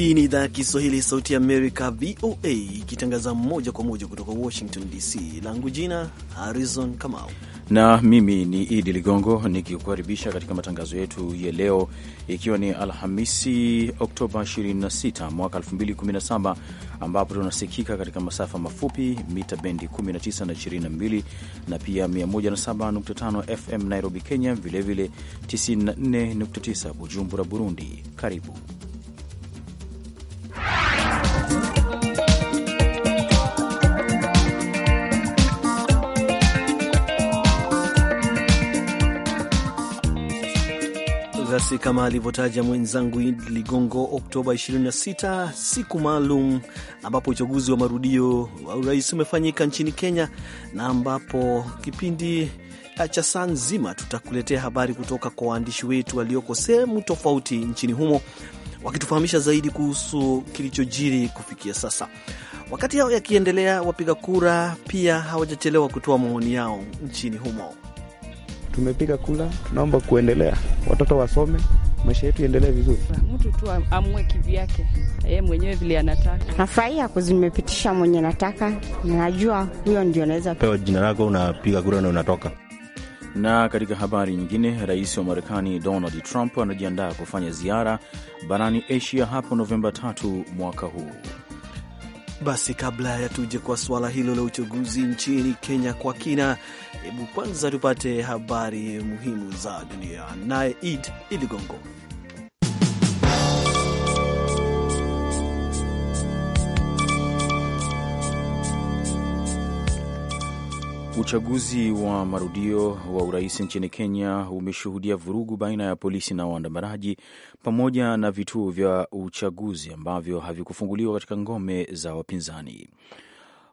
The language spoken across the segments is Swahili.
Hii ni idhaa ya Kiswahili ya Sauti Amerika, VOA, ikitangaza moja kwa moja kutoka Washington DC. Langu jina Harrison Kamau na mimi ni Idi Ligongo nikikukaribisha katika matangazo yetu ya leo, ikiwa ni Alhamisi Oktoba 26 mwaka 2017, ambapo tunasikika katika masafa mafupi mita bendi 19 na 22 na pia 107.5 FM Nairobi, Kenya, vilevile 94.9 Bujumbura, Burundi. Karibu basi, kama alivyotaja mwenzangu Ligongo, Oktoba 26 siku maalum ambapo uchaguzi wa marudio wa urais umefanyika nchini Kenya, na ambapo kipindi cha saa nzima tutakuletea habari kutoka kwa waandishi wetu walioko sehemu tofauti nchini humo wakitufahamisha zaidi kuhusu kilichojiri kufikia sasa. Wakati hao yakiendelea, wapiga kura pia hawajachelewa kutoa maoni yao nchini humo tumepiga kula, tunaomba kuendelea, watoto wasome, maisha yetu iendelee vizuri. Mtu tu amue kivyake yeye mwenyewe vile anataka. Nafurahia kuzimepitisha mwenye nataka, najua huyo ndio naweza pewa jina lako, unapiga kura na unatoka. Na katika habari nyingine, rais wa Marekani Donald Trump anajiandaa kufanya ziara barani Asia hapo Novemba tatu mwaka huu. Basi kabla ya tuje kwa suala hilo la uchaguzi nchini Kenya kwa kina, hebu kwanza tupate habari muhimu za dunia, naye Id Iligongo. Uchaguzi wa marudio wa urais nchini Kenya umeshuhudia vurugu baina ya polisi na waandamanaji pamoja na vituo vya uchaguzi ambavyo havikufunguliwa katika ngome za wapinzani.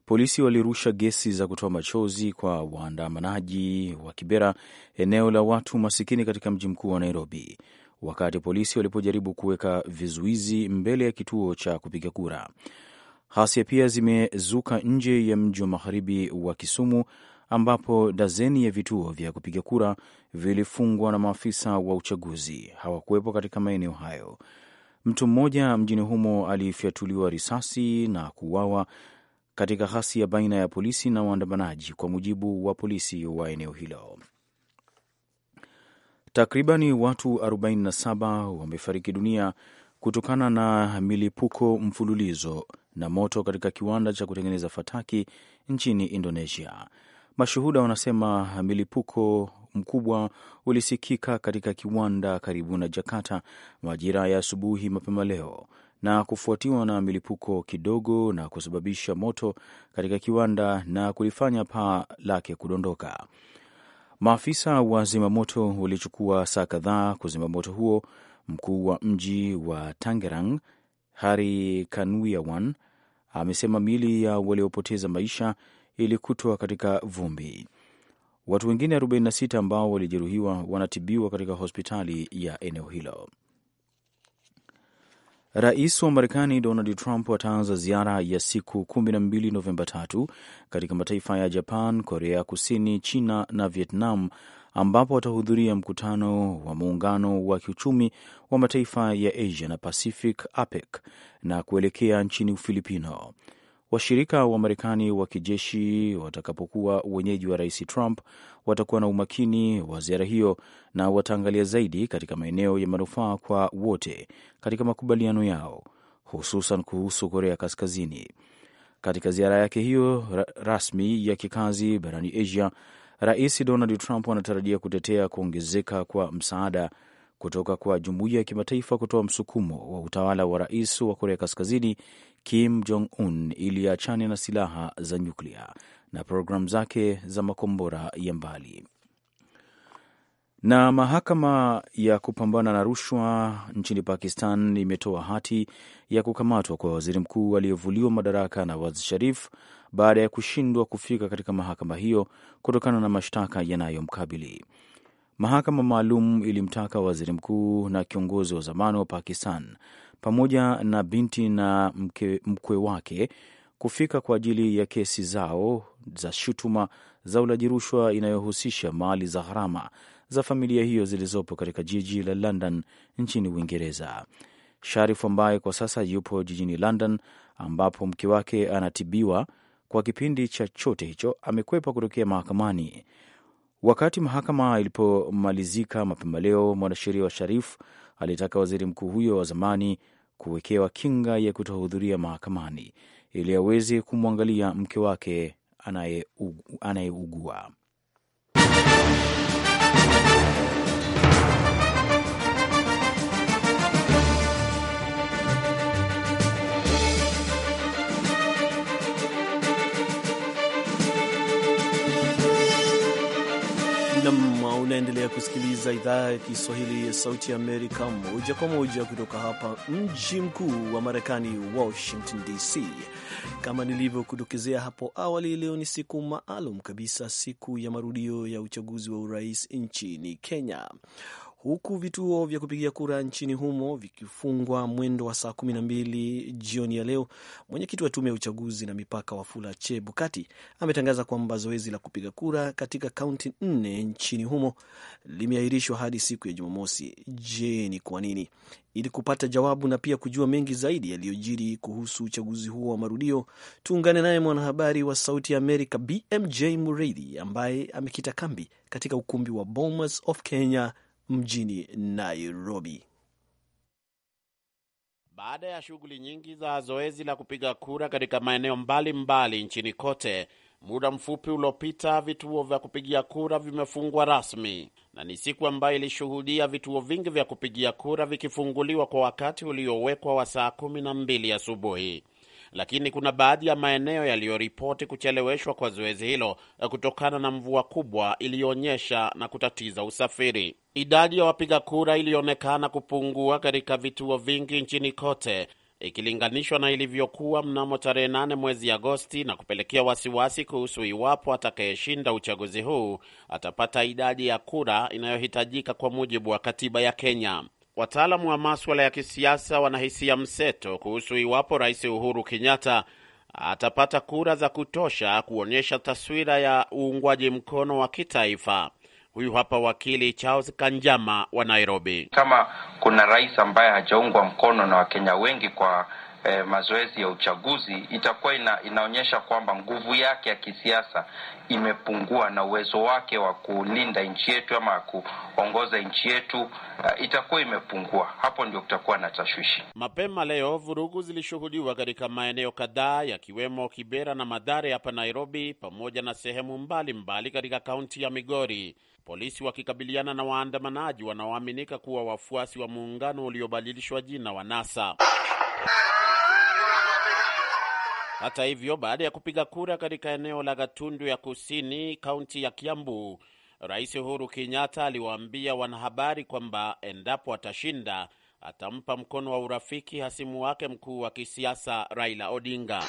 Polisi walirusha gesi za kutoa machozi kwa waandamanaji wa Kibera, eneo la watu masikini katika mji mkuu wa Nairobi, wakati polisi walipojaribu kuweka vizuizi mbele ya kituo cha kupiga kura. Ghasia pia zimezuka nje ya mji wa magharibi wa Kisumu ambapo dazeni ya vituo vya kupiga kura vilifungwa na maafisa wa uchaguzi hawakuwepo katika maeneo hayo. Mtu mmoja mjini humo alifyatuliwa risasi na kuuawa katika ghasia baina ya polisi na waandamanaji, kwa mujibu wa polisi wa eneo hilo. Takribani watu 47 wamefariki dunia kutokana na milipuko mfululizo na moto katika kiwanda cha kutengeneza fataki nchini Indonesia. Mashuhuda wanasema milipuko mkubwa ulisikika katika kiwanda karibu na Jakarta majira ya asubuhi mapema leo na kufuatiwa na milipuko kidogo na kusababisha moto katika kiwanda na kulifanya paa lake kudondoka. Maafisa wa zimamoto walichukua saa kadhaa kuzima moto huo. Mkuu wa mji wa Tangerang Hari kanwiawan amesema miili ya waliopoteza maisha ilikutwa katika vumbi. Watu wengine 46 ambao walijeruhiwa wanatibiwa katika hospitali ya eneo hilo. Rais wa Marekani Donald Trump ataanza ziara ya siku 12 Novemba 3 katika mataifa ya Japan, Korea Kusini, China na Vietnam, ambapo atahudhuria mkutano wa muungano wa kiuchumi wa mataifa ya Asia na Pacific, APEC, na kuelekea nchini Ufilipino. Washirika wa Marekani wa kijeshi watakapokuwa wenyeji wa Rais Trump watakuwa na umakini wa ziara hiyo na wataangalia zaidi katika maeneo ya manufaa kwa wote katika makubaliano yao, hususan kuhusu Korea Kaskazini. Katika ziara yake hiyo rasmi ya kikazi barani Asia, Rais Donald Trump anatarajia kutetea kuongezeka kwa msaada kutoka kwa jumuiya ya kimataifa kutoa msukumo wa utawala wa rais wa Korea Kaskazini Kim Jong Un ili achane na silaha za nyuklia na programu zake za makombora ya mbali. Na mahakama ya kupambana na rushwa nchini Pakistan imetoa hati ya kukamatwa kwa waziri mkuu aliyevuliwa madaraka Nawaz Sharif baada ya kushindwa kufika katika mahakama hiyo kutokana na mashtaka yanayomkabili. Mahakama maalum ilimtaka waziri mkuu na kiongozi wa zamani wa Pakistan pamoja na binti na mke, mkwe wake kufika kwa ajili ya kesi zao za shutuma za ulaji rushwa inayohusisha mali za gharama za familia hiyo zilizopo katika jiji la London nchini Uingereza. Sharifu ambaye kwa sasa yupo jijini London ambapo mke wake anatibiwa kwa kipindi cha chote hicho amekwepa kutokea mahakamani. Wakati mahakama ilipomalizika mapema leo, mwanasheria wa Sharif alitaka waziri mkuu huyo wa zamani kuwekewa kinga ya kutohudhuria mahakamani ili aweze kumwangalia mke wake anayeugua. Unaendelea kusikiliza idhaa ya Kiswahili ya Sauti Amerika moja kwa moja kutoka hapa mji mkuu wa Marekani, Washington DC. Kama nilivyokudokezea hapo awali, leo ni siku maalum kabisa, siku ya marudio ya uchaguzi wa urais nchini Kenya huku vituo vya kupigia kura nchini humo vikifungwa mwendo wa saa kumi na mbili jioni ya leo. Mwenyekiti wa tume ya uchaguzi na mipaka Wafula Chebukati ametangaza kwamba zoezi la kupiga kura katika kaunti nne nchini humo limeahirishwa hadi siku ya Jumamosi. Je, ni kwa nini? Ili kupata jawabu na pia kujua mengi zaidi yaliyojiri kuhusu uchaguzi huo wa marudio, tuungane naye mwanahabari wa Sauti ya Amerika BMJ Mureithi ambaye amekita kambi katika ukumbi wa Bomas of Kenya mjini Nairobi. Baada ya shughuli nyingi za zoezi la kupiga kura katika maeneo mbalimbali mbali nchini kote, muda mfupi uliopita vituo vya kupigia kura vimefungwa rasmi, na ni siku ambayo ilishuhudia vituo vingi vya kupigia kura vikifunguliwa kwa wakati uliowekwa wa saa kumi na mbili asubuhi lakini kuna baadhi ya maeneo yaliyoripoti kucheleweshwa kwa zoezi hilo eh, kutokana na mvua kubwa iliyoonyesha na kutatiza usafiri. Idadi ya wapiga kura ilionekana kupungua katika vituo vingi nchini kote ikilinganishwa na ilivyokuwa mnamo tarehe 8 mwezi Agosti na kupelekea wasiwasi kuhusu iwapo atakayeshinda uchaguzi huu atapata idadi ya kura inayohitajika kwa mujibu wa katiba ya Kenya. Wataalamu wa maswala ya kisiasa wanahisia mseto kuhusu iwapo Rais Uhuru Kenyatta atapata kura za kutosha kuonyesha taswira ya uungwaji mkono wa kitaifa. Huyu hapa wakili Charles Kanjama wa Nairobi. Kama kuna rais ambaye hajaungwa mkono na Wakenya wengi kwa eh, mazoezi ya uchaguzi itakuwa ina, inaonyesha kwamba nguvu yake ya kisiasa imepungua na uwezo wake wa kulinda nchi yetu ama kuongoza nchi yetu uh, itakuwa imepungua. Hapo ndio kutakuwa na tashwishi. Mapema leo vurugu zilishuhudiwa katika maeneo kadhaa yakiwemo Kibera na madhare hapa Nairobi, pamoja na sehemu mbalimbali katika kaunti ya Migori, polisi wakikabiliana na waandamanaji wanaoaminika kuwa wafuasi wa muungano uliobadilishwa jina wa NASA. Hata hivyo, baada ya kupiga kura katika eneo la Gatundu ya Kusini, kaunti ya Kiambu, Rais Uhuru Kenyatta aliwaambia wanahabari kwamba endapo atashinda atampa mkono wa urafiki hasimu wake mkuu wa kisiasa Raila Odinga.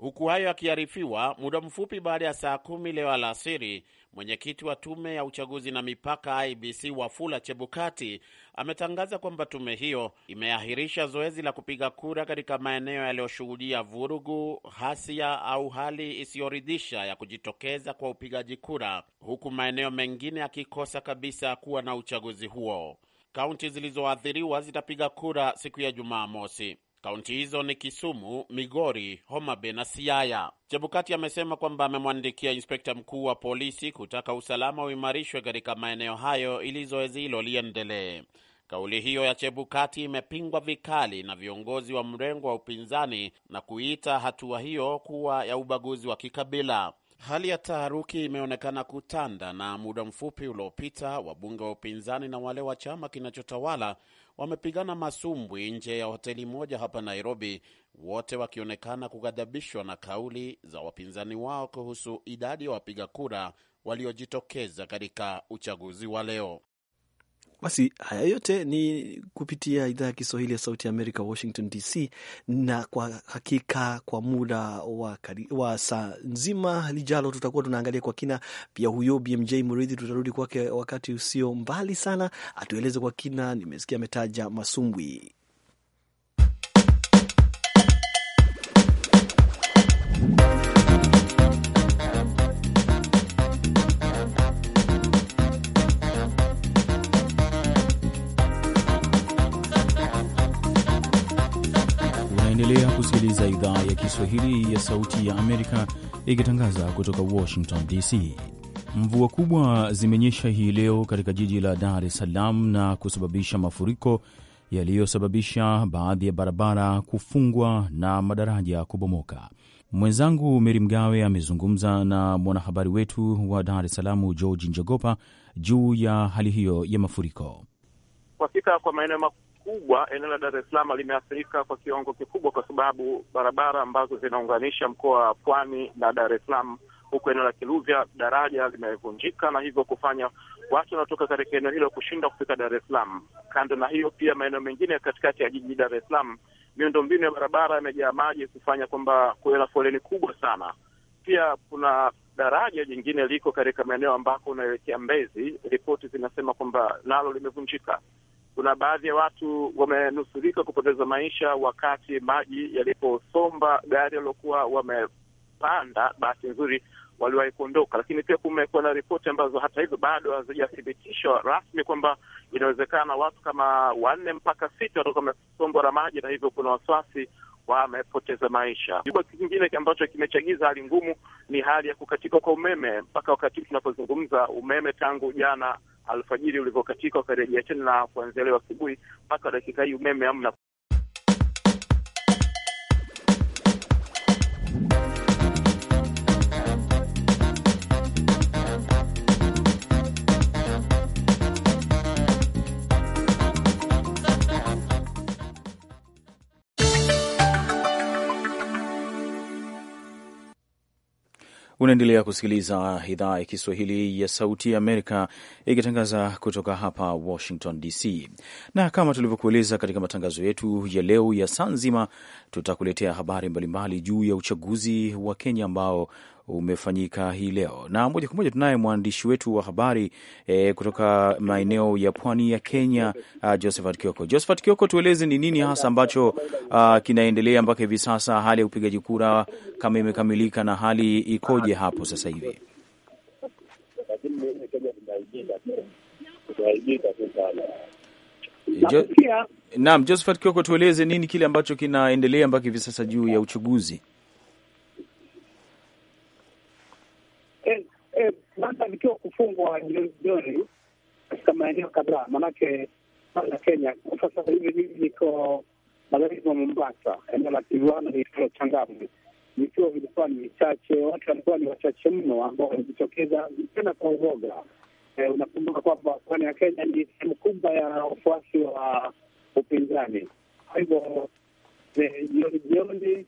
Huku hayo akiarifiwa muda mfupi baada ya saa kumi leo alasiri, Mwenyekiti wa tume ya uchaguzi na mipaka IBC Wafula Chebukati ametangaza kwamba tume hiyo imeahirisha zoezi la kupiga kura katika maeneo yaliyoshuhudia vurugu, hasia au hali isiyoridhisha ya kujitokeza kwa upigaji kura, huku maeneo mengine yakikosa kabisa kuwa na uchaguzi huo. Kaunti zilizoathiriwa zitapiga kura siku ya Jumamosi. Kaunti hizo ni Kisumu, Migori, Homa Bay na Siaya. Chebukati amesema kwamba amemwandikia inspekta mkuu wa polisi kutaka usalama uimarishwe katika maeneo hayo ili zoezi hilo liendelee. Kauli hiyo ya Chebukati imepingwa vikali na viongozi wa mrengo wa upinzani na kuita hatua hiyo kuwa ya ubaguzi wa kikabila. Hali ya taharuki imeonekana kutanda na muda mfupi uliopita, wabunge wa upinzani na wale wa chama kinachotawala wamepigana masumbwi nje ya hoteli moja hapa Nairobi, wote wakionekana kughadhabishwa na kauli za wapinzani wao kuhusu idadi ya wapiga kura waliojitokeza katika uchaguzi wa leo. Basi haya yote ni kupitia idhaa ya Kiswahili ya Sauti ya Amerika, Washington DC. Na kwa hakika kwa muda wa, wa saa nzima lijalo tutakuwa tunaangalia kwa kina pia huyo BMJ Mridhi. tutarudi kwake wakati usio mbali sana, atueleze kwa kina. Nimesikia ametaja masumbwi Unaendelea kusikiliza idhaa ya Kiswahili ya Sauti ya Amerika ikitangaza kutoka Washington DC. Mvua kubwa zimenyesha hii leo katika jiji la Dar es Salaam na kusababisha mafuriko yaliyosababisha baadhi ya barabara kufungwa na madaraja kubomoka. Mwenzangu Meri Mgawe amezungumza na mwanahabari wetu wa Dar es Salaam George Njogopa juu ya hali hiyo ya mafuriko. Kwa hakika kwa maeneo kubwa eneo la Dar es Salaam limeathirika kwa kiwango kikubwa, kwa sababu barabara ambazo zinaunganisha mkoa wa Pwani na Dar es Salaam huku eneo la Kiluvya daraja limevunjika na hivyo kufanya watu wanaotoka katika eneo hilo kushindwa kufika Dar es Salaam. Kando na hiyo, pia maeneo mengine katikati ya jiji Dar es Salaam, miundombinu ya barabara imejaa maji kufanya kwamba kuwe na foleni kubwa sana. Pia kuna daraja jingine liko katika maeneo ambako unaelekea Mbezi, ripoti zinasema kwamba nalo limevunjika kuna baadhi ya watu wamenusurika kupoteza maisha wakati maji yaliposomba gari waliokuwa wamepanda. Bahati nzuri waliwahi kuondoka, lakini pia kumekuwa na ripoti ambazo hata hivyo bado hazijathibitishwa rasmi kwamba inawezekana watu kama wanne mpaka sita watakuwa wamesombwa na maji, na hivyo kuna wasiwasi wamepoteza maisha. Kitu kingine ambacho kimechagiza hali ngumu ni hali ya kukatika kwa umeme. Mpaka wakati tunapozungumza, umeme tangu jana alfajiri ulivyokatika, ukarejea tena na kuanzia leo asubuhi mpaka dakika hii umeme hamna. Unaendelea kusikiliza idhaa ya Kiswahili ya Sauti ya Amerika ikitangaza kutoka hapa Washington DC, na kama tulivyokueleza katika matangazo yetu ya leo ya saa nzima, tutakuletea habari mbalimbali juu ya uchaguzi wa Kenya ambao umefanyika hii leo, na moja kwa moja tunaye mwandishi wetu wa habari e, kutoka maeneo ya pwani ya Kenya, uh, Josephat Kioko. Josephat Kioko, tueleze ni nini hasa ambacho uh, kinaendelea mpaka hivi sasa, hali ya upigaji kura kama imekamilika na hali ikoje hapo sasa hivi? Jo, naam, Josephat Kioko, tueleze nini kile ambacho kinaendelea mpaka hivi sasa juu ya uchaguzi. eh, banda vikiwa kufungwa jioni jioni katika maeneo kadhaa, maanake na Kenya kwa sasa hivi mimi niko magharibi mwa Mombasa, eneo la Kiwana liitwalo Changamwe. vikiwa vilikuwa ni vichache, watu walikuwa ni wachache mno ambao walijitokeza tena kwa uoga. Eh, unakumbuka kwamba pwani ya Kenya ni sehemu kubwa ya wafuasi wa upinzani, kwa hivyo Eh, jioni jioni,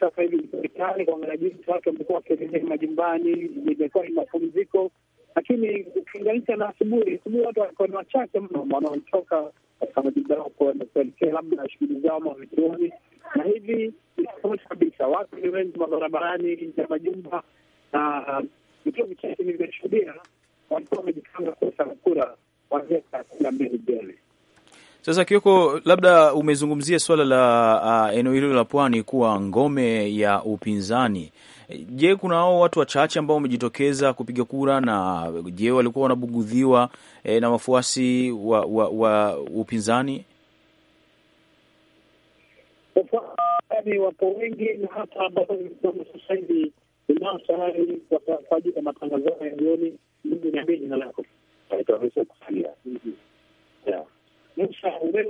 sasa hivi serikali kwa jinsi watu wamekuwa wakirejea majumbani, imekuwa ni mapumziko, lakini ukilinganisha na asubuhi, asubuhi watu walikuwa ni wachache mno wanaotoka katika majumba yao kuelekea labda shughuli zao ama vituoni, na hivi ni tofauti kabisa. Watu ni wengi mabarabarani, nje ya majumba, na uh, vituo vichache nilivyoshuhudia walikuwa wamejipanga kuhesabu kura kuanzia saa kumi na mbili jioni. Sasa Kioko, labda umezungumzia suala la uh, eneo hilo la pwani kuwa ngome ya upinzani. Je, kuna hao watu wachache ambao wamejitokeza kupiga kura na je, walikuwa wanabugudhiwa eh, na wafuasi wa, wa, wa upinzani? Wafuasi wapo wengi na hata ambao sasa hivi inao kwa ajili ya matangazo ya jioni. Mungu niambie jina lako. Naitwa Rusa Kusalia. Mm-hmm. Musa, wewe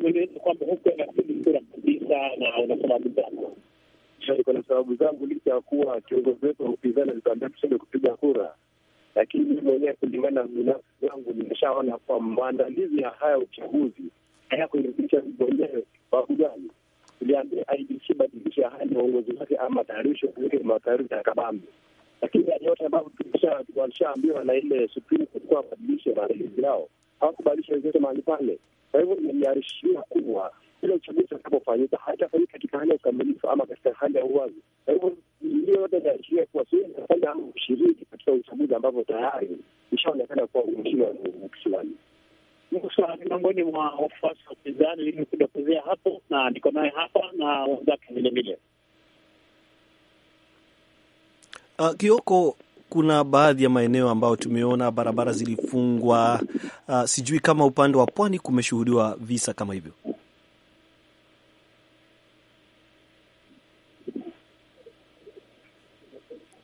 unaeleza eh, kwamba huko nafikiri kura kabisa na una sababu zako. Niko na sababu zangu, licha ya kuwa kiongozi wetu wa upinzani alituambia tushinde kupiga kura, lakini mwenyewe kulingana na binafsi zangu nimeshaona kwa maandalizi ya haya uchaguzi hayakuiridhisha mwenyewe. Sababu gani? Tuliambia IBC badilisha hali ya uongozi wake ama tayarisho kuweke matayarisho ya kabambe, lakini yote ambayo walishaambiwa na ile Supreme Court kuwa wabadilishe maandalizi yao hawakubadilisha vyovyote mahali pale. Kwa hivyo inaashiria kubwa kila uchaguzi utakapofanyika haitafanyika katika hali ya ukamilifu ama katika hali ya uwazi. Kwa hivyo hiyo yote inaashiria kuwa siwezi kufanya au kushiriki katika uchaguzi ambavyo tayari ishaonekana kuwa umeshindwa kisiwani. Swali miongoni mwa wafuasi wa upinzani lililokudokezea hapo, na niko naye hapa na wenzake vilevile. Ah, Kioko, kuna baadhi ya maeneo ambayo tumeona barabara zilifungwa. Uh, sijui kama upande wa pwani kumeshuhudiwa visa kama hivyo.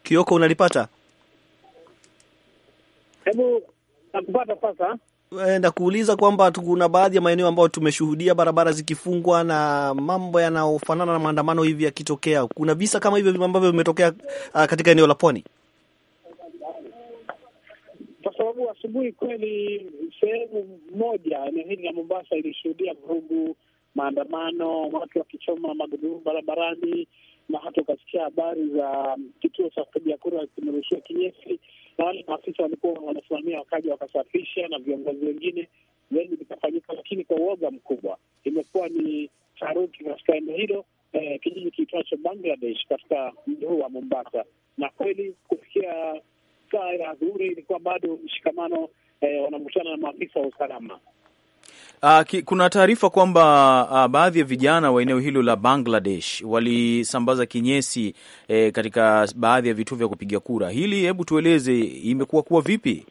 Kioko, unalipata? Hebu nakupata sasa. Enda eh, kuuliza kwamba kuna baadhi ya maeneo ambayo tumeshuhudia barabara zikifungwa na mambo yanayofanana na maandamano hivi yakitokea. Kuna visa kama hivyo ambavyo vimetokea ah, katika eneo la pwani? sababu asubuhi kweli sehemu moja eneo hili la Mombasa ilishuhudia vurugu, maandamano, watu wakichoma magurudumu barabarani, na hata ukasikia habari za kituo cha kupiga kura kimerushiwa kinyesi, na wale maafisa walikuwa wanasimamia wakaja wakasafisha na viongozi wengine zaidi vikafanyika, lakini kwa uoga mkubwa. Imekuwa ni taharuki katika eneo hilo, eh, kijiji kiitwacho Bangladesh katika mji huu wa Mombasa, na kweli kufikia masaa ya dhuhuri ilikuwa bado mshikamano eh, wanakutana na maafisa wa usalama. Uh, ki, kuna taarifa kwamba uh, baadhi ya vijana wa eneo hilo la Bangladesh walisambaza kinyesi eh, katika baadhi ya vituo vya kupiga kura. Hili hebu tueleze imekuwa kuwa vipi?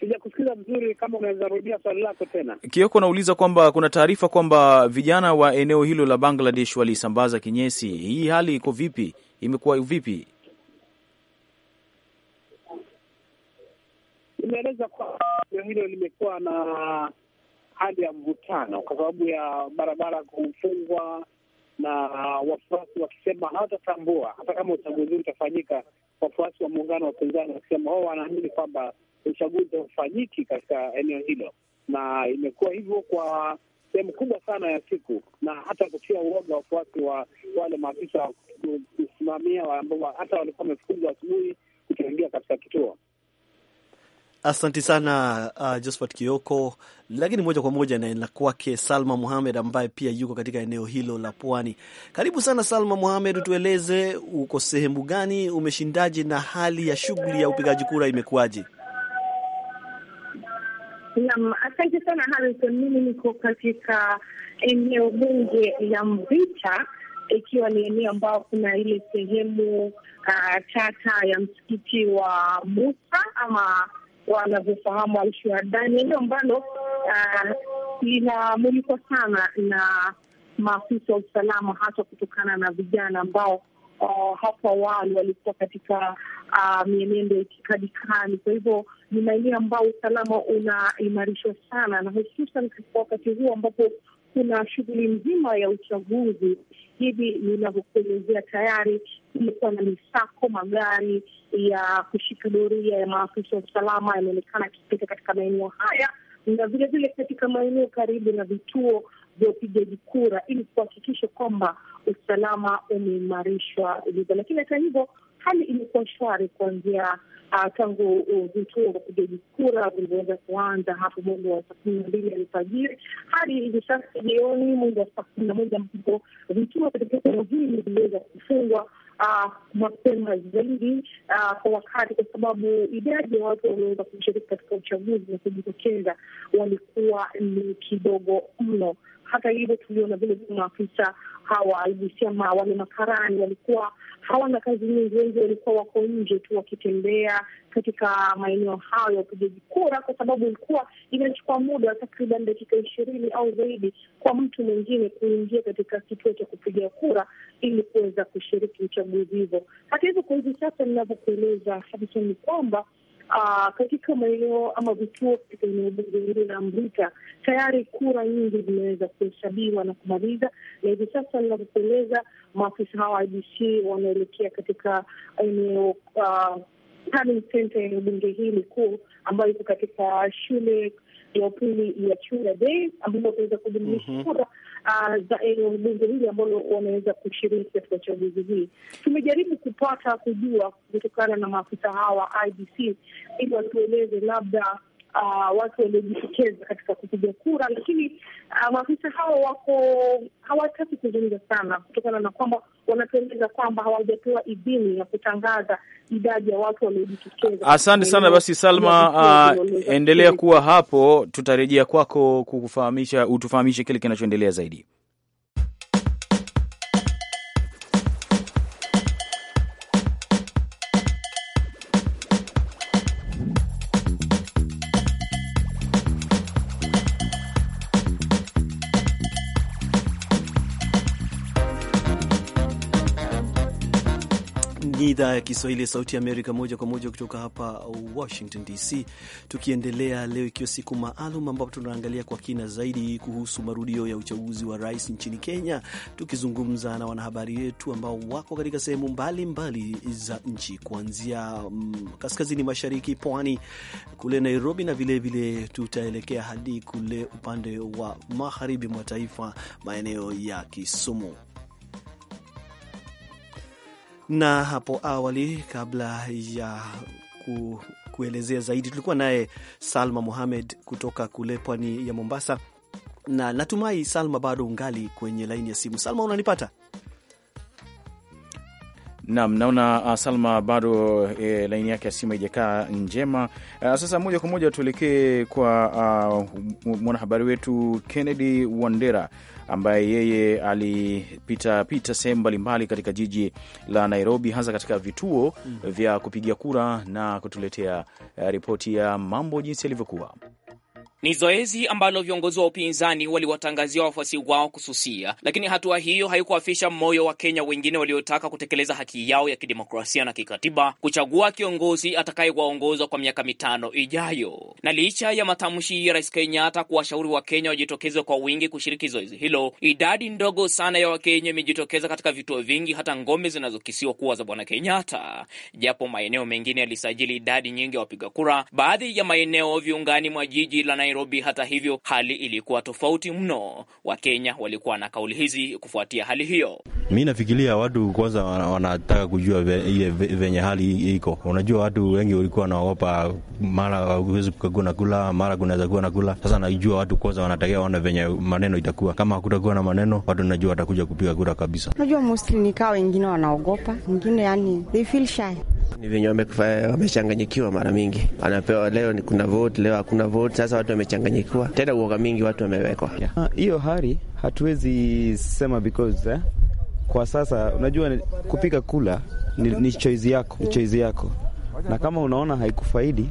sijakusikiza vizuri, kama unaweza rudia swali lako tena. Kioko, nauliza kwamba kuna taarifa kwamba vijana wa eneo hilo la Bangladesh walisambaza kinyesi. Hii hali iko vipi? Imekuwa vipi? Imeeleza kwa eneo hilo limekuwa na hali ya mvutano kwa sababu ya barabara kufungwa na wafuasi wakisema hawatatambua hata kama uchaguzi utafanyika. Wafuasi wa muungano wa upinzani wakisema wao wanaamini kwamba uchaguzi haufanyiki katika eneo hilo, na imekuwa hivyo kwa sehemu kubwa sana ya siku, na hata kutia uoga wafuasi wa wale maafisa kusimamia ambao hata walikuwa wamefukuzwa asubuhi kutoingia katika kituo. Asanti sana uh, Josphat Kioko. Lakini moja kwa moja naenda kwake Salma Muhamed ambaye pia yuko katika eneo hilo la pwani. Karibu sana Salma Muhamed, tueleze uko sehemu gani, umeshindaje na hali ya shughuli ya upigaji kura imekuwaje? Naam, asante sana Harrison. Mimi niko katika eneo bunge la Mvita, ikiwa ni eneo ambayo kuna ile sehemu uh, tata ya msikiti wa Musa ama wanavyofahamu alshuhadani Ni eneo ambalo uh, ah, linamulikwa sana na maafisa wa usalama, hasa kutokana na vijana ambao uh, hapo awali walikuwa katika uh, mienendo ya itikadi kali. Kwa hivyo ni maeneo ambayo usalama unaimarishwa sana, na hususan katika wakati huu ambapo kuna shughuli nzima ya uchaguzi. Hivi ninavyokuelezea, tayari kumekuwa na misako, magari ya kushika doria ya maafisa wa usalama yameonekana akipita katika maeneo haya na vilevile katika maeneo karibu na vituo vya upigaji kura ili kuhakikisha kwamba usalama umeimarishwa ilivyo. Lakini hata hivyo hali imekuwa shwari kuanzia ah, uh, tangu vituo uh, vya upigaji kura vilivyoweza kuanza hapo mwendo wa saa kumi na mbili alfajiri hadi hivi sasa jioni mwendo wa saa kumi na moja ambapo vituo katika eneo hili viliweza kufungwa uh, mapema zaidi uh, kwa wakati, kwa sababu idadi ya watu walioweza kushiriki katika uchaguzi na kujitokeza walikuwa ni kidogo mno. Hata hivyo tuliona vile maafisa hawa alivyosema, wale makarani walikuwa hawana kazi nyingi, wengi walikuwa wako nje tu wakitembea katika maeneo hayo ya upigaji kura, kwa sababu ilikuwa inachukua muda takriban dakika ishirini au zaidi kwa mtu mwingine kuingia katika kituo cha kupiga kura ili kuweza kushiriki uchaguzi hivo Hata hivyo, kwa hivi sasa ninavyokueleza, Harison, ni kwamba Ah, katika maeneo ama vituo katika eneo bunge hili la mrita tayari kura nyingi zimeweza kuhesabiwa na kumaliza, na hivi sasa linavyopeleza maafisa hawa wa IBC wanaelekea katika eneo uh, ah, eneo bunge hili kuu ambayo iko katika shule ya upili ya Chura Day ambapo wataweza kujumulisha mhm. kura ah, za eneo eh, bunge hili ambalo wanaweza kushiriki katika chaguzi hii. Tumejaribu kupata kujua kutokana na maafisa hawa IBC ili watueleze labda uh, watu waliojitokeza katika kupiga kura, lakini uh, maafisa hao wako hawataki kuzungumza sana kutokana na kwamba wanatueleza kwamba hawajapewa idhini ya kutangaza idadi ya watu waliojitokeza. Asante sana. Basi Salma, uh, endelea kuwa hapo, tutarejea kwako kukufahamisha, utufahamishe kile kinachoendelea zaidi. idhaa ya Kiswahili ya Sauti ya Amerika, moja kwa moja kutoka hapa Washington DC, tukiendelea leo ikiwa siku maalum ambapo tunaangalia kwa kina zaidi kuhusu marudio ya uchaguzi wa rais nchini Kenya, tukizungumza na wanahabari wetu ambao wako katika sehemu mbalimbali za nchi, kuanzia mm, kaskazini mashariki, pwani kule Nairobi, na vilevile tutaelekea hadi kule upande wa magharibi mwa taifa, maeneo ya Kisumu na hapo awali kabla ya ku, kuelezea zaidi tulikuwa naye Salma Mohamed kutoka kule pwani ya Mombasa, na natumai Salma bado ungali kwenye laini ya simu. Salma, unanipata? Naam, naona uh, Salma bado e, laini yake ya simu haijakaa njema. Uh, sasa moja kwa moja tuelekee kwa uh, mwanahabari wetu Kennedy Wandera ambaye yeye alipitapita sehemu mbalimbali katika jiji la Nairobi, hasa katika vituo mm -hmm. vya kupigia kura na kutuletea eh, ripoti ya mambo jinsi yalivyokuwa. Ni zoezi ambalo viongozi wa upinzani waliwatangazia wafuasi wao kususia, lakini hatua hiyo haikuafisha moyo wa Kenya wengine waliotaka kutekeleza haki yao ya kidemokrasia na kikatiba kuchagua kiongozi atakayewaongoza kwa miaka mitano ijayo. Na licha ya matamshi ya Rais Kenyatta kuwashauri Wakenya wajitokeze kwa wingi kushiriki zoezi hilo, idadi ndogo sana ya Wakenya imejitokeza katika vituo vingi, hata ngome zinazokisiwa kuwa za Bwana Kenyatta. Japo maeneo mengine yalisajili idadi nyingi ya wapiga kura, baadhi ya maeneo viungani mwa jiji la Nairobi. Hata hivyo, hali ilikuwa tofauti mno. Wakenya walikuwa na kauli hizi kufuatia hali hiyo. Mi nafikiria watu kwanza wanataka kujua venye ve, ve, ve hali iko. Unajua watu wengi walikuwa wanaogopa, mara huwezi kukagua na kula, mara kunaweza kuwa na kula. Sasa najua watu kwanza wanatakia waone venye maneno itakuwa. Kama hakutakuwa na maneno, watu najua watakuja kupiga kura kabisa. Unajua mostly nikaa wengine wanaogopa, wengine yani they feel shy ni venye wamechanganyikiwa. Mara mingi anapewa leo ni kuna vote, leo hakuna vote. Sasa watu wamechanganyikiwa, tena uoga mingi watu wamewekwa ah, hiyo. Yeah. Hali hatuwezi sema because eh, kwa sasa unajua kupika kula ni, ni choizi yako, ni choizi yako, na kama unaona haikufaidi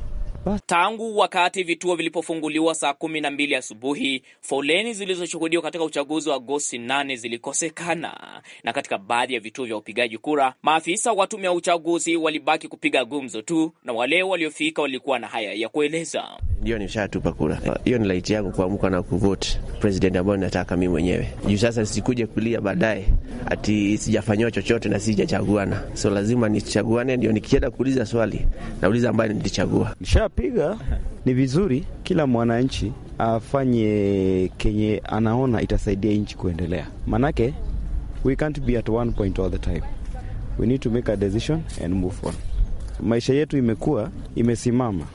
Tangu wakati vituo vilipofunguliwa saa kumi na mbili asubuhi, foleni zilizoshuhudiwa katika uchaguzi wa Agosti 8 zilikosekana, na katika baadhi ya vituo vya upigaji kura maafisa wa tume ya uchaguzi walibaki kupiga gumzo tu, na wale waliofika walikuwa na haya ya kueleza. Ndio, nishatupa kura hiyo. Ni laiti yangu kuamka na kuvote president ambayo ninataka mimi mwenyewe, juu sasa sikuje kulia baadaye ati sijafanyiwa chochote na sijachaguana. So lazima nichaguane, ndio nikienda kuuliza swali nauliza ambaye nilichagua. Nishapiga ni vizuri, kila mwananchi afanye kenye anaona itasaidia nchi kuendelea, manake we can't be at one point all the time, we need to make a decision and move on. Maisha yetu imekuwa imesimama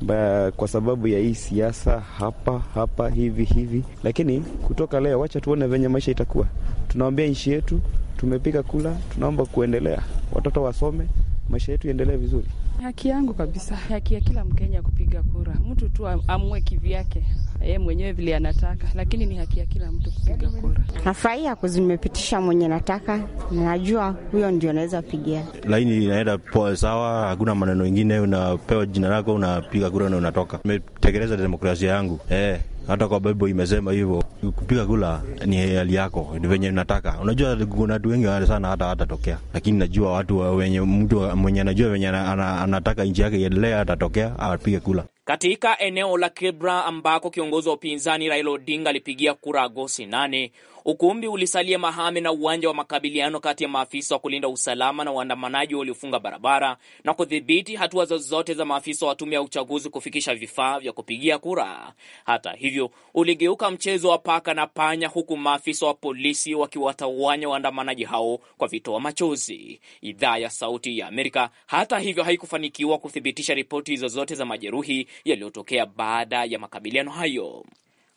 ba, kwa sababu ya hii siasa hapa hapa hivi hivi, lakini kutoka leo, wacha tuone venye maisha itakuwa. Tunaombea nchi yetu, tumepiga kula, tunaomba kuendelea, watoto wasome, maisha yetu iendelee vizuri. Haki yangu kabisa, haki ya kila Mkenya kupiga kura, mtu tu amue kivyake yeye mwenyewe vile anataka, lakini ni haki ya kila mtu kupiga kura. Nafurahia kuzimepitisha mwenye nataka, najua huyo ndio naweza pigia. Laini inaenda poa, sawa, hakuna maneno ingine. Unapewa jina lako, unapiga kura na unatoka. Imetekeleza demokrasia yangu eh. Hata kwa Bible imesema hivyo, kupiga kula ni hali yako, ni venye nataka. Unajua kuna watu wengi wale sana hata hatatokea, lakini najua watu wenye mtu mwenye anajua venye anataka nchi yake iendelee, atatokea apige kula katika eneo la Kibra ambako kiongozi wa upinzani Raila Odinga alipigia kura Agosti 8 Ukumbi ulisalia mahame na uwanja wa makabiliano kati ya maafisa wa kulinda usalama na waandamanaji waliofunga barabara na kudhibiti hatua zozote za maafisa wa tume ya uchaguzi kufikisha vifaa vya kupigia kura. Hata hivyo, uligeuka mchezo wa paka na panya, huku maafisa wa polisi wakiwatawanya waandamanaji hao kwa vitoa machozi. Idhaa ya Sauti ya Amerika hata hivyo haikufanikiwa kuthibitisha ripoti zozote za majeruhi yaliyotokea baada ya makabiliano hayo.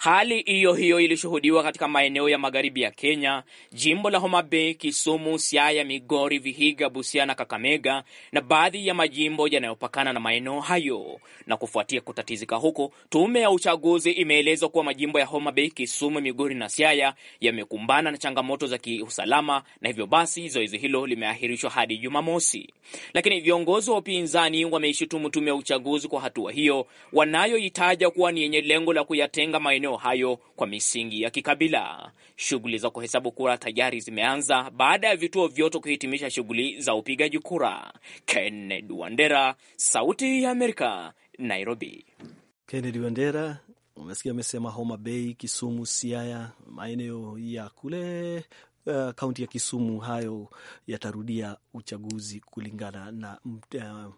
Hali hiyo hiyo ilishuhudiwa katika maeneo ya magharibi ya Kenya, jimbo la Homa Bay, Kisumu, Siaya, Migori, Vihiga, Busia na Kakamega na baadhi ya majimbo yanayopakana na maeneo hayo. Na kufuatia kutatizika huko, tume ya uchaguzi imeelezwa kuwa majimbo ya Homa Bay, Kisumu, Migori na Siaya yamekumbana na changamoto za kiusalama, na hivyo basi zoezi hilo limeahirishwa hadi Jumamosi. Lakini viongozi wa upinzani wameishutumu tume ya uchaguzi kwa hatua hiyo wanayoitaja kuwa ni yenye lengo la kuyatenga maeneo maeneo hayo kwa misingi ya kikabila. Shughuli za kuhesabu kura tayari zimeanza baada ya vituo vyote kuhitimisha shughuli za upigaji kura. Kenneth Wandera, Sauti ya Amerika, Nairobi. Kennedy Wandera, umesikia amesema Homa Bay, Kisumu, Siaya, maeneo ya kule eh, kaunti uh, ya Kisumu hayo yatarudia uchaguzi kulingana na uh,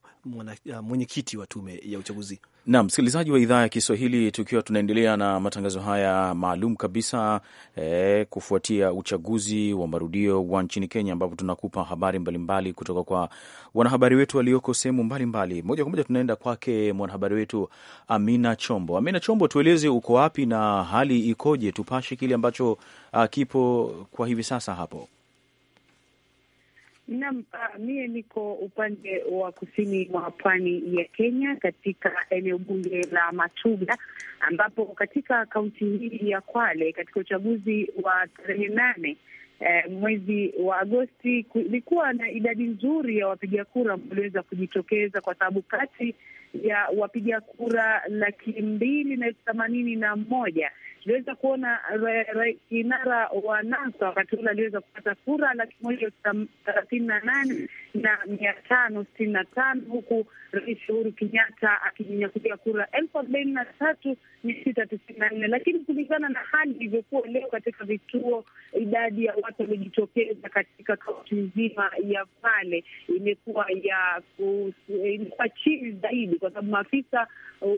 uh, mwenyekiti wa tume ya uchaguzi na msikilizaji wa idhaa ya Kiswahili, tukiwa tunaendelea na matangazo haya maalum kabisa e, kufuatia uchaguzi wa marudio wa nchini Kenya, ambapo tunakupa habari mbalimbali kutoka kwa wanahabari wetu walioko sehemu mbalimbali. Moja kwa moja tunaenda kwake mwanahabari wetu Amina Chombo. Amina Chombo, tueleze uko wapi na hali ikoje, tupashe kile ambacho ah, kipo kwa hivi sasa hapo. Naam, uh, mie niko upande wa kusini mwa pwani ya Kenya katika eneo bunge la Matuga, ambapo katika kaunti hii ya Kwale katika uchaguzi wa tarehe nane eh, mwezi wa Agosti kulikuwa na idadi nzuri ya wapiga kura ambao waliweza kujitokeza kwa sababu kati ya wapiga kura laki mbili na elfu themanini na moja tuliweza kuona kinara wa NASA wakati ule aliweza kupata kura laki moja thelathini na nane na mia tano sitini na tano huku Rais Uhuru Kenyatta akijinyakulia kura elfu arobaini na tatu mia sita tisini na nne lakini kulingana na hali ilivyokuwa leo katika vituo, idadi ya watu waliojitokeza katika kaunti nzima ya pale imekuwa ya imekuwa chini zaidi, kwa sababu maafisa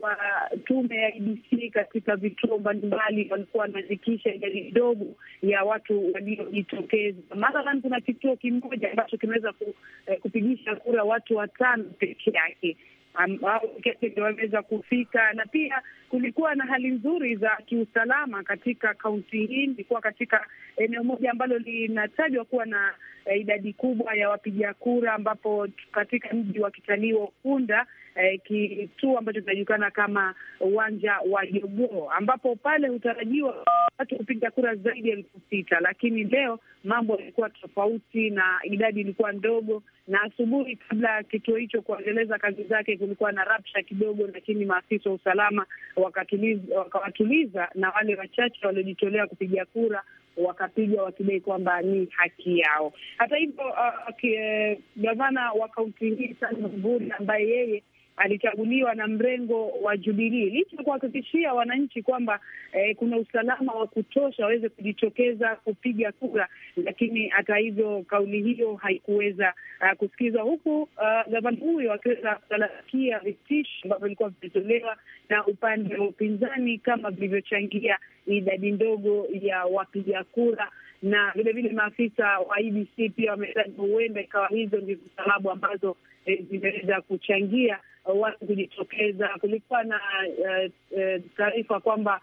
wa tume ya IBC katika vituo mbalimbali Marekani walikuwa wanazikisha idadi kidogo ya watu waliojitokeza. Mathalan, kuna kituo kimoja ambacho kimeweza ku, eh, kupigisha kura watu watano peke yake ambao ndio wameweza kufika, na pia kulikuwa na hali nzuri za kiusalama katika kaunti hii. Ilikuwa katika eneo moja ambalo linatajwa kuwa na eh, idadi kubwa ya wapiga kura, ambapo katika mji wa kitalii wa Ukunda eh, kituo ambacho kinajulikana kama uwanja wa Jogoo, ambapo pale hutarajiwa watu kupiga kura zaidi ya elfu sita lakini leo mambo yalikuwa tofauti na idadi ilikuwa ndogo. Na asubuhi kabla ya kituo hicho kuendeleza kazi zake, kulikuwa na rabsha kidogo, lakini maafisa wa usalama wakawatuliza na wale wachache waliojitolea kupiga kura wakapiga wakidai kwamba ni haki yao. Hata hivyo, uh, okay, uh, eh, wa kaunti hii Salim Mvurya ambaye yeye alichaguliwa na mrengo wa Jubilii licha ya kuhakikishia wananchi kwamba eh, kuna usalama wa kutosha waweze kujitokeza kupiga kura, lakini hata hivyo kauli hiyo haikuweza uh, kusikizwa, huku uh, gavana huyo akiweza kulalamikia vitisho ambavyo vilikuwa vimetolewa na upande wa upinzani kama vilivyochangia idadi ndogo ya wapiga kura na vilevile maafisa wa IBC pia wametaja huenda ikawa hizo ndizo sababu ambazo eh, zimeweza kuchangia Uh, watu kujitokeza. Kulikuwa na uh, uh, taarifa kwamba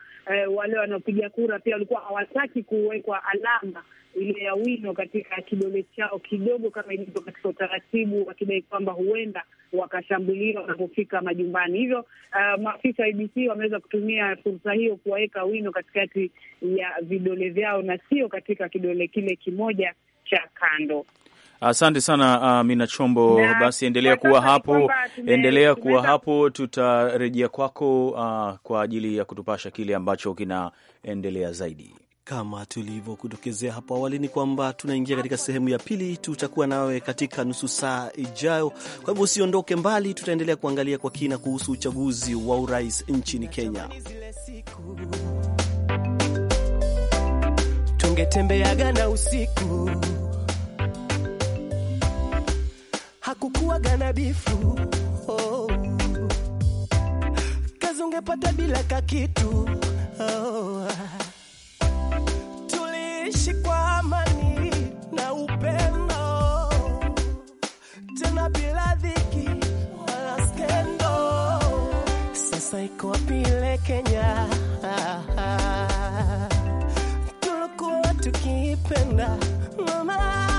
uh, wale wanaopiga kura pia walikuwa hawataki kuwekwa alama ile ya wino katika kidole chao kidogo kama ilivyo katika utaratibu, wakidai kwamba huenda wakashambuliwa wanapofika majumbani. Hivyo uh, maafisa wa IBC wameweza kutumia fursa hiyo kuwaweka wino katikati ya vidole vyao na sio katika kidole kile kimoja cha kando. Asante sana uh, Mina Chombo na, basi endelea kuwa hapo, endelea kuwa hapo, tutarejea kwako uh, kwa ajili ya kutupasha kile ambacho kinaendelea zaidi. Kama tulivyokutokezea hapo awali, ni kwamba tunaingia katika sehemu ya pili. Tutakuwa nawe katika nusu saa ijayo, kwa hivyo usiondoke mbali, tutaendelea kuangalia kwa kina kuhusu uchaguzi wa urais nchini Kenya. Tungetembeaga na usiku hakukuwaga na oh. Kazi bila kakitu oh. Tuliishi kwa amani na upendo tena bila dhiki wala skendo. Sasa iko wapi ile Kenya tulikuwa tukipenda mama